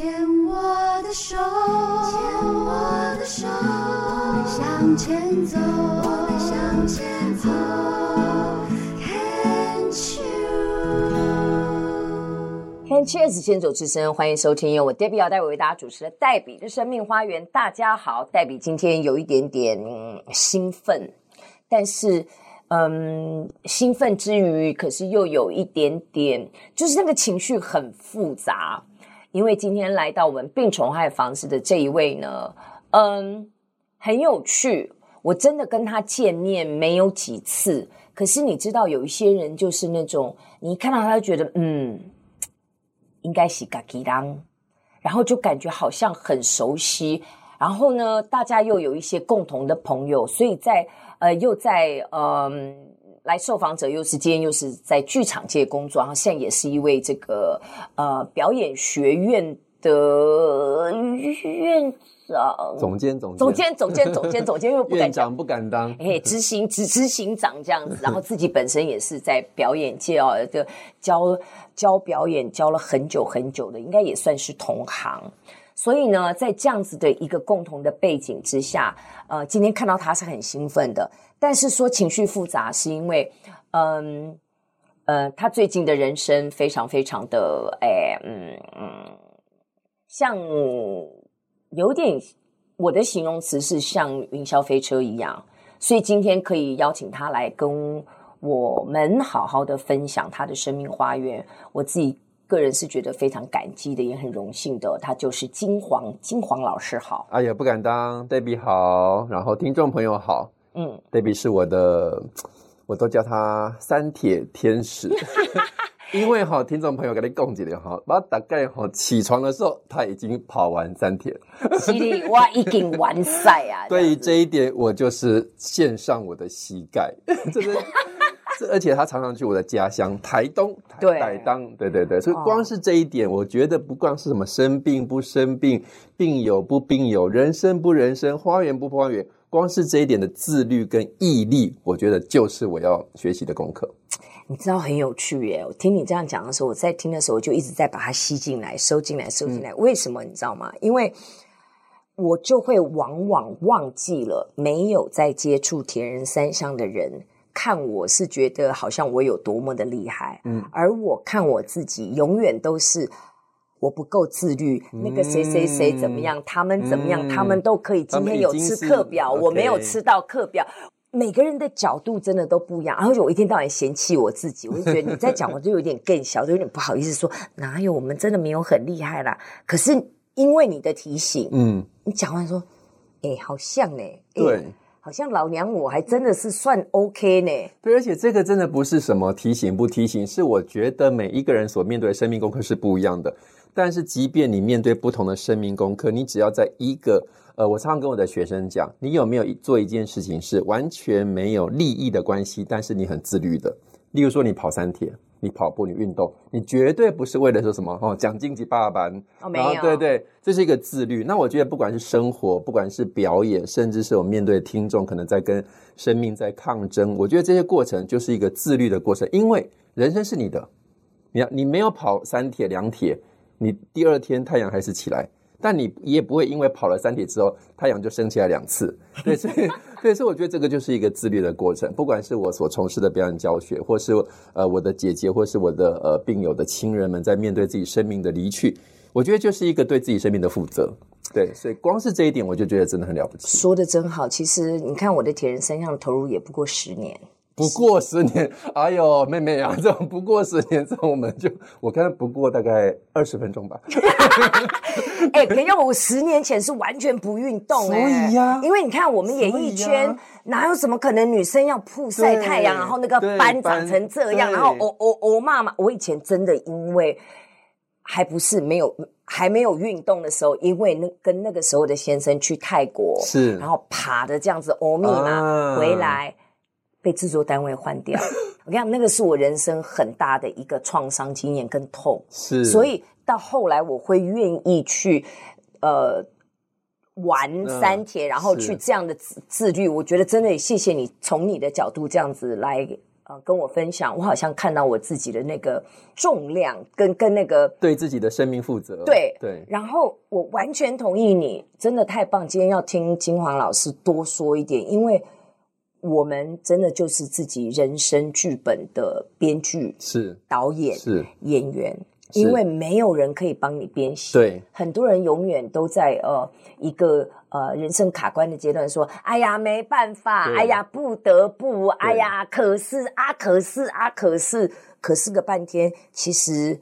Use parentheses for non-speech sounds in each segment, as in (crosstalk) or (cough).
牽我的手，牽我的手，我們向前走，我們向前走，看球。歡迎收聽《七 S 牽手之聲》，歡迎收聽由我黛比姚代為為大家主持的《黛比的生命花園》。大家好，黛比今天有一點點、嗯、興奮，但是，嗯，興奮之餘，可是又有一點點，就是那個情緒很複雜。因為今天來到我們病蟲害防治的這一位呢，嗯，很有趣。我真的跟他見面沒有幾次，可是你知道，有一些人就是那種，你一看到他就覺得，嗯，應該是嘎吉當，然後就感覺好像很熟悉。然後呢，大家又有一些共同的朋友，所以在呃，又在嗯。來，受訪者又是今天又是在劇場界工作，然後現在也是一位這個呃表演學院的院長、總監，總監、總監，總，監總，監總監、總監、總監、總監、總監，院長不敢當，執行執執行長這樣子， (laughs) 然後自己本身也是在表演界哦的教教表演教了很久很久的，應該也算是同行。所以呢，在這樣子的一個共同的背景之下，呃，今天看到他是很興奮的。但是說情緒複雜，是因為，嗯，呃，他最近的人生非常非常的，哎，嗯嗯，像有點，我的形容詞是像雲霄飛車一樣，所以今天可以邀請他來跟我們好好的分享他的生命花園，我自己個人是覺得非常感激的，也很榮幸的。他就是金煌金煌老師，好，啊、哎，也不敢當，黛比好，然後聽眾朋友好。嗯，黛比是我的，我都叫他三鐵天使， (laughs) 因為好聽眾朋友給你供幾點好我大概好起床的時候他已經跑完三鐵，所以是 (laughs) 我已經完賽啊。對於這，這一點，我就是獻上我的膝蓋，這是 (laughs) 而且他常常去我的家鄉台東，台對台東，對對對，所以光是這一點，哦、我覺得不光是什麼生病不生病，病友不病友，人生不人生，花園不花園。光是這一點的自律跟毅力，我覺得就是我要學習的功課。你知道很有趣耶，我聽你這樣講的時候，我在聽的時候我就一直在把它吸進來、收進來、收進來。嗯、為什麼，你知道嗎？因為我就會往往忘記了，沒有在接觸田人三相的人，看我是覺得好像我有多麼的厲害，嗯、而我看我自己永遠都是。我不夠自律，那個誰誰誰怎麼樣，嗯，怎麼樣？他們怎麼樣？他們都可以今天有吃課表，我沒有吃到課表。Okay. 每個人的角度真的都不一樣，而且我一天到晚嫌棄我自己，我就覺得你在講，我就有點更小， (laughs) 就有點不好意思說哪有，我們真的沒有很厲害啦。可是因為你的提醒，嗯，你講完說，哎，好像呢，哎，對，好像老娘我還真的是算 OK 呢。對，而且這個真的不是什麼提醒不提醒，是我覺得每一個人所面對的生命功課是不一樣的。但是，即便你面對不同的生命功課，你只要在一個呃，我常常跟我的學生講，你有沒有做一件事情是完全沒有利益的關係，但是你很自律的？例如說，你跑三鐵，你跑步，你運動，你絕對不是為了說什麼哦，獎金幾百萬然後沒有對對，這是一個自律。那我覺得，不管是生活，不管是表演，甚至是我們面對聽眾，可能在跟生命在抗爭，我覺得這些過程就是一個自律的過程，因為人生是你的，你要，你沒有跑三鐵兩鐵。你第二天太陽還是起來，但你也不會因為跑了三鐵之後，太陽就升起來兩次，對，所以 (laughs) 對，所以我覺得這個就是一個自律的過程。不管是我所從事的表演教學，或是呃我的姐姐，或是我的呃病友的親人們，在面對自己生命的離去，我覺得就是一個對自己生命的負責。對，所以光是這一點，我就覺得真的很了不起。說得真好，其實你看我的鐵人三項投入也不過十年。不過十年，是哎呦，妹妹啊，這不過十年，這我們就我看不過大概二十分鐘吧。哎 (laughs) (laughs) 欸，可要我十年前是完全不運動、欸，所以呀、啊，因為你看我們演藝圈、啊、哪有什麼可能女生要曝曬太陽，對然後那個斑長成這樣，然後歐歐歐罵嘛，我以前真的因為還不是沒有還沒有運動的時候，因為那跟那個時候的先生去泰國是，然後爬的這樣子歐密嘛，哦啊、回來。被製作單位換掉， (laughs) 我跟你講，那個是我人生很大的一個創傷經驗跟痛，是。所以到後來我會願意去，呃，玩三天，呃、然後去這樣的自自律。是我覺得真的也謝謝你，從你的角度這樣子來呃跟我分享，我好像看到我自己的那個重量跟跟那個對自己的生命負責，對對。對然後我完全同意你，真的太棒！今天要聽金煌老師多說一點，因為。我們真的就是自己人生劇本的編劇、是導演、是演員，是因為沒有人可以幫你編寫。對，很多人永遠都在呃一個呃人生卡關的階段，說：“哎呀，沒辦法，啊、哎呀，不得不，啊、哎呀，啊、可是啊，可是啊，可是，可是個半天。”其實，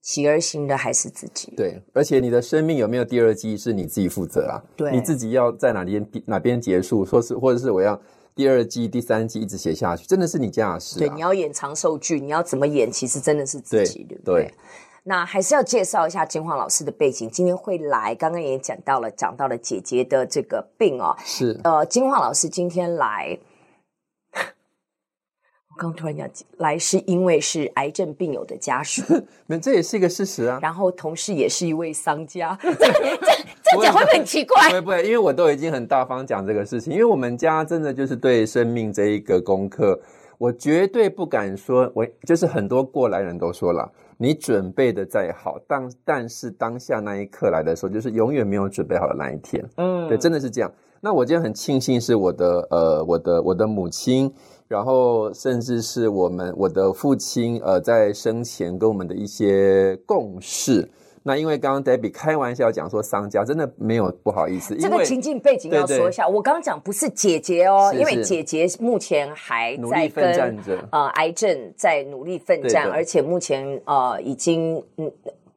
起而行的還是自己。對，而且你的生命有沒有第二季，是你自己負責啊。對，你自己要在哪邊哪邊結束，說是或者是我要。第二季、第三季一直寫下去，真的是你家事，啊。對，你要演長壽劇，你要怎麼演？其實真的是自己對。對，不對，對，那還是要介紹一下金煌老師的背景。今天會來，剛剛也講到了，講到了姐姐的這個病哦。是。呃，金煌老師今天來，我剛，剛突然講來是因為是癌症病友的家屬，那 (laughs) 這也是一個事實啊。然後同時也是一位喪家。 (laughs) (laughs) 會不會很奇怪，不會，不會，因為我都已經很大方講這個事情，因為我們家真的就是對生命這一個功課，我絕對不敢說，我就是很多過來人都說了，你準備的再好，但但是當下那一刻來的時候，就是永遠沒有準備好的那一天，嗯，對，真的是這樣。那我今天很慶幸是我的，呃，我的我的母親，然後甚至是我們我的父親，呃，在生前跟我們的一些共事。那因為剛剛 Debbie 開玩笑講說喪家真的沒有不好意思，因為這個情境背景要說一下。對對對，我剛剛講不是姐姐哦，是是因為姐姐目前還在跟奮戰、呃癌症，在努力奮戰，對對對，而且目前呃已經嗯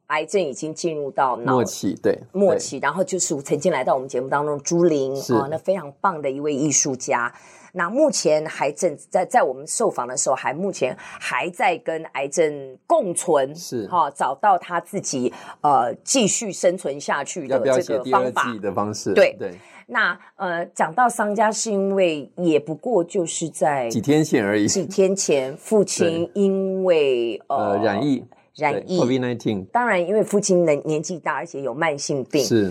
癌症已經進入到末期，對末期。然後就是曾經來到我們節目當中朱玲啊是、呃，那非常棒的一位藝術家。那目前癌症在在我們受訪的時候，還目前還在跟癌症共存，是哈、哦，找到他自己呃繼續生存下去的這個方法要要的方式。對對。對那呃，講到商家是因為也不過就是在幾天前而已。幾天前，父親因為對呃染疫，染疫 COVID-19。當然，因為父親年年紀大，而且有慢性病是。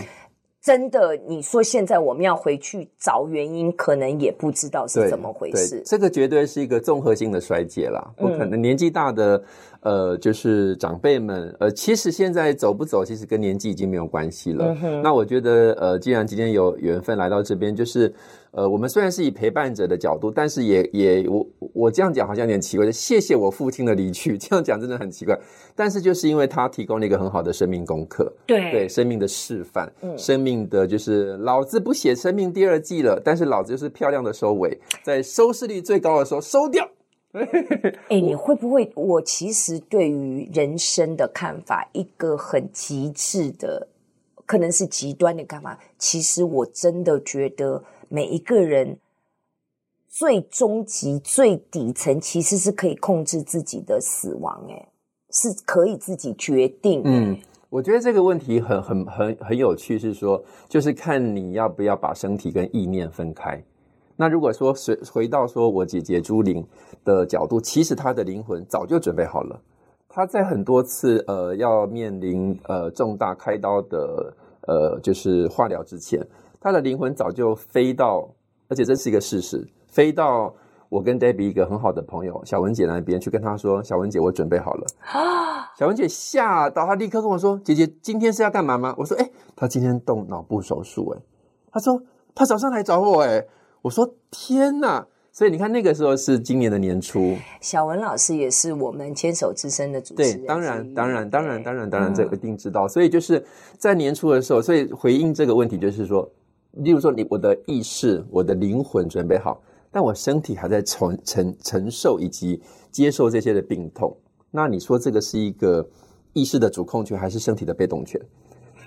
真的，你說現在我們要回去找原因，可能也不知道是怎麼回事。這個絕對是一個綜合性的衰竭啦。不可能、嗯、年紀大的，呃，就是長輩們，呃，其實現在走不走，其實跟年紀已經沒有關係了。嗯、哼那我覺得，呃，既然今天有緣分來到這邊，就是。呃，我們雖然是以陪伴者的角度，但是也也我我這樣講好像有點奇怪。謝謝我父親的離去，這樣講真的很奇怪。但是就是因為他提供了一個很好的生命功課，對對生命的示範，嗯，生命的就是老子不寫《生命第二季》了，但是老子就是漂亮的收尾，在收視率最高的時候收掉。哎， (laughs) 欸，你會不會？我，我其實對於人生的看法，一個很極致的，可能是極端的看法。其實我真的覺得。每一個人最終極最底層其實是可以控制自己的死亡，欸，誒，是可以自己決定，欸。嗯，我覺得這個問題很很很很有趣，是說就是看你要不要把身體跟意念分開。那如果說隨回到說我姐姐朱玲的角度，其實她的靈魂早就準備好了，她在很多次呃要面臨呃重大開刀的呃就是化療之前。他的靈魂早就飛到，而且這是一個事實，飛到我跟 Debbie 一個很好的朋友小文姐那邊去跟她說：“小文姐，我準備好了。”啊！小文姐嚇到，她立刻跟我說：“姐姐，今天是要幹嘛嗎？”我說：“哎、欸，她今天動腦部手術、欸。”誒她說：“她早上來找我、欸。”誒我說：“天吶！”所以你看，那個時候是今年的年初。小文老師也是我們牽手之聲的主持人，對，當然，當然，當然，當然，當然，當然嗯、這一定知道。所以就是在年初的時候，所以回應這個問題就是說。例如說，你我的意識、我的靈魂準備好，但我身體還在承承承受，以及接受這些的病痛。那你說這個是一個意識的主控權，還是身體的被動權？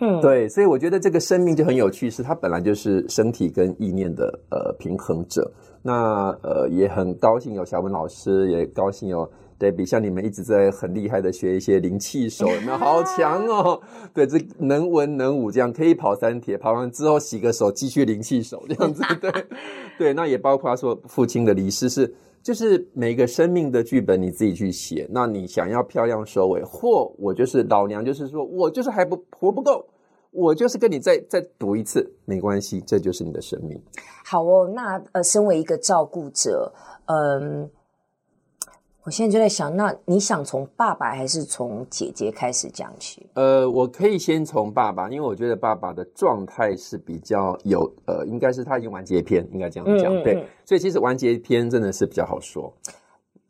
嗯，對，所以我覺得這個生命就很有趣，是它本來就是身體跟意念的呃平衡者。那呃也很高興有小文老師，也高興有。對，比像你們一直在很厲害的學一些靈氣手，你們好強哦！ (laughs) 對，這能文能武，這樣可以跑三鐵，跑完之後洗個手繼續靈氣手這樣子，對 (laughs) 對。那也包括說父親的離世是，就是每個生命的劇本你自己去寫。那你想要漂亮收尾，或我就是老娘，就是說我就是還不活不夠，我就是跟你再再賭一次，沒關係，這就是你的生命。好哦，那呃，身為一個照顧者，嗯。我現在就在想，那你想從爸爸還是從姐姐開始講起？呃，我可以先從爸爸，因為我覺得爸爸的狀態是比較有，呃，應該是他已經完結篇，應該這樣講，嗯，對。嗯，所以其實完結篇真的是比較好說。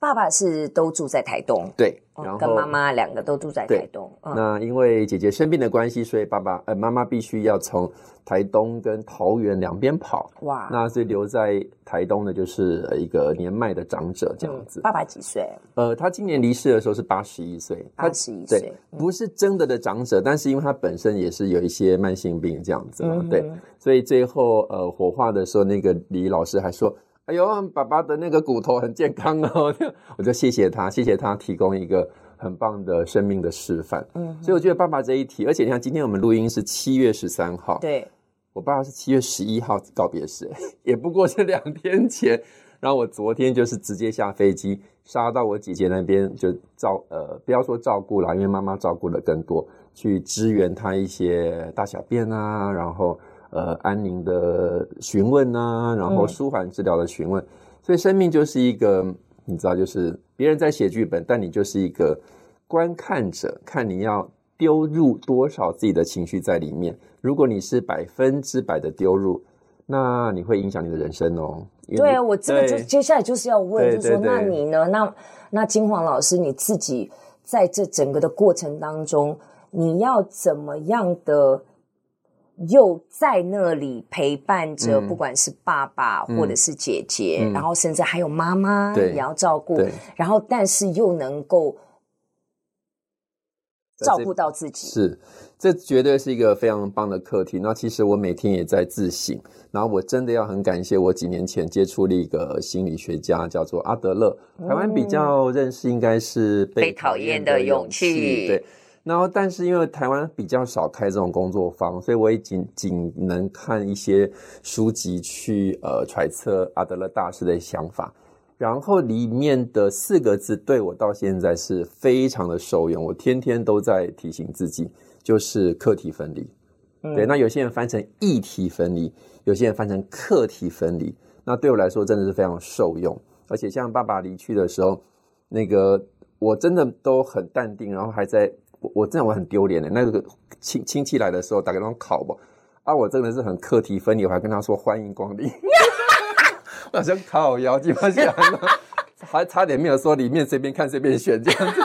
爸爸是都住在台東，對，然後跟媽媽兩個都住在台東。對嗯、那因為姐姐生病的關係，所以爸爸呃媽媽必須要從台東跟桃園兩邊跑。哇，那所以留在台東的就是一個年邁的長者這樣子。嗯、爸爸幾歲？呃，他今年離世的時候是八十一歲，八十一歲，對嗯、不是真的的長者，但是因為他本身也是有一些慢性病這樣子嘛，嗯、哼對，所以最後呃火化的時候，那個李老師還說。哎呦，爸爸的那個骨頭很健康哦，我就謝謝他，謝謝他提供一個很棒的生命的示範。嗯，所以我覺得爸爸這一題，而且像今天我們錄音是七月十三號，對，我爸是七月十一號告別式，也不過是兩天前。然後我昨天就是直接下飛機殺到我姐姐那邊就照呃，不要說照顧了，因為媽媽照顧了更多，去支援她一些大小便啊，然後。呃，安寧的詢問吶、啊，然後舒緩治療的詢問，嗯、所以生命就是一個，你知道，就是別人在寫劇本，但你就是一個觀看者，看你要丟入多少自己的情緒在裡面。如果你是百分之百的丟入，那你會影響你的人生哦。對啊，我這個就對接下來就是要問，對對對就說那你呢？那那金煌老師你自己在這整個的過程當中，你要怎麼樣的？又在那裡陪伴着，不管是爸爸或者是姐姐，嗯嗯嗯、然後甚至還有媽媽也要照顧，然後但是又能夠照顧到自己，這是這絕對是一個非常棒的課題。那其實我每天也在自省，然後我真的要很感謝我幾年前接觸了一個心理學家，叫做阿德勒。台灣比較認識應該是被討厭的勇氣，嗯、勇氣對。然後，但是因為台灣比較少開這種工作坊，所以我也僅僅能看一些書籍去呃揣測阿德勒大師的想法。然後裡面的四個字對我到現在是非常的受用，我天天都在提醒自己，就是課題分離。對，嗯、那有些人翻成議題分離，有些人翻成課題分離。那對我來說真的是非常受用，而且像爸爸離去的時候，那個我真的都很淡定，然後還在。我真的，我很丟臉的、欸，那個親親戚來的時候，打開那種烤吧，啊，我真的是很課題分離，我還跟他說歡迎光臨， (laughs) 我想烤腰子嘛這樣，還差點沒有說裡面隨便看隨便選這樣子，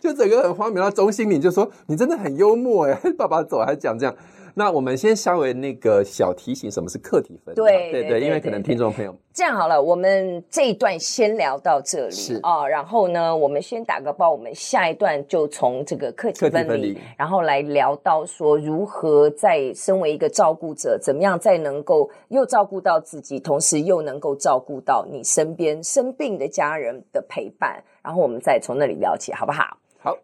(laughs) 就整個很荒謬。然後中心，你就說你真的很幽默哎，欸，爸爸走來還講這樣。那我們先稍微那個小提醒，什麼是課題分離？對。對，對對對，因為可能聽眾朋友這樣好了，我們這一段先聊到這裡是啊、哦，然後呢，我們先打個包，我們下一段就從這個課題分離，課題分離。然後來聊到說如何在身為一個照顧者，怎麼樣再能夠又照顧到自己，同時又能夠照顧到你身邊生病的家人的陪伴，然後我們再從那裡聊起，好不好？好。